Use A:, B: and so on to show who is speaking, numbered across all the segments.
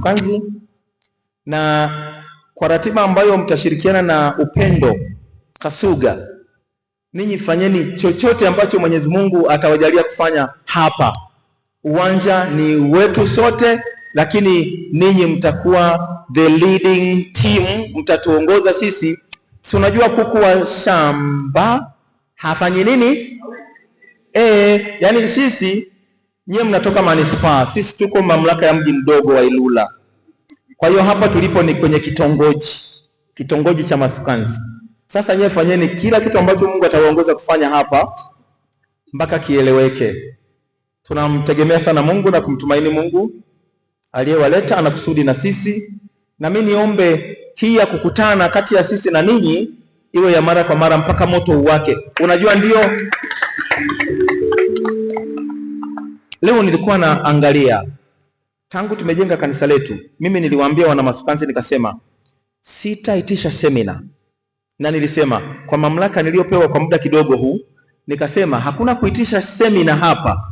A: kazi na kwa ratiba ambayo mtashirikiana na Upendo Kasuga, ninyi fanyeni chochote ambacho Mwenyezi Mungu atawajalia kufanya hapa. Uwanja ni wetu sote, lakini ninyi mtakuwa the leading team, mtatuongoza sisi. Si unajua kuku wa shamba hafanyi nini? E, yani sisi Nyie mnatoka manispaa, sisi tuko mamlaka ya mji mdogo wa Ilula. Kwa hiyo hapa tulipo ni kwenye kitongoji, kitongoji cha Masukanzi. Sasa nyie fanyeni kila kitu ambacho Mungu atawaongoza kufanya hapa mpaka kieleweke. Tunamtegemea sana Mungu na kumtumaini Mungu aliyewaleta, ana kusudi na sisi, na mimi niombe hii ya kukutana kati ya sisi na ninyi iwe ya mara kwa mara mpaka moto uwake. Unajua, ndio Leo nilikuwa naangalia tangu tumejenga kanisa letu, mimi niliwaambia wana Masukanzi nikasema sitaitisha semina, na nilisema kwa mamlaka niliyopewa kwa muda kidogo huu, nikasema hakuna kuitisha semina hapa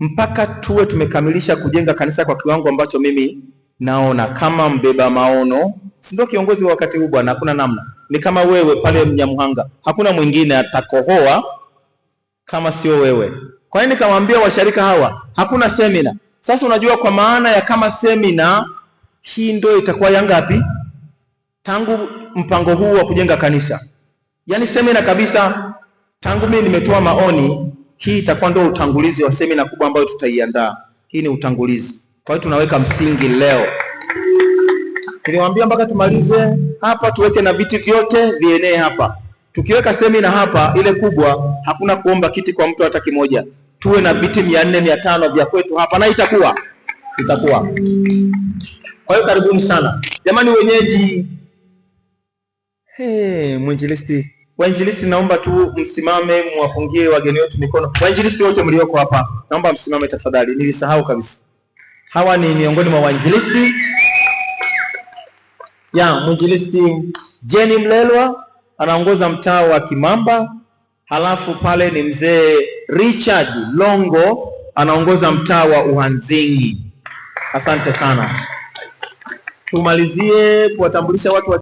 A: mpaka tuwe tumekamilisha kujenga kanisa kwa kiwango ambacho mimi naona kama mbeba maono, si ndio? Kiongozi wa wakati huu bwana, hakuna namna, ni kama wewe pale Mnyamuhanga, hakuna mwingine atakohoa kama sio wewe. Kwa nini kawaambia washarika hawa hakuna semina? Sasa unajua kwa maana ya kama semina hii ndio itakuwa ya ngapi tangu mpango huu wa kujenga kanisa, yaani semina kabisa, tangu mimi nimetoa maoni, hii itakuwa ndio utangulizi wa semina kubwa ambayo tutaiandaa. Hii ni utangulizi, kwa hiyo tunaweka msingi leo. Niliwaambia mpaka tumalize hapa, tuweke na viti vyote vienee hapa Tukiweka semina hapa ile kubwa, hakuna kuomba kiti kwa mtu hata kimoja, tuwe na viti mia nne mia tano vya kwetu hapa, na itakuwa itakuwa. Kwa hiyo karibuni sana jamani, wenyeji. Hey, mwinjilisti, wainjilisti, naomba tu msimame, mwapungie wageni wetu mikono. Wainjilisti wote mlioko hapa, naomba msimame tafadhali, nilisahau kabisa. Hawa ni miongoni mwa wainjilisti ya mwinjilisti Jenny Mlelwa anaongoza mtaa wa Kimamba, halafu pale ni mzee Richard Longo anaongoza mtaa wa Uhanzingi. Asante sana. Tumalizie kuwatambulisha watu wa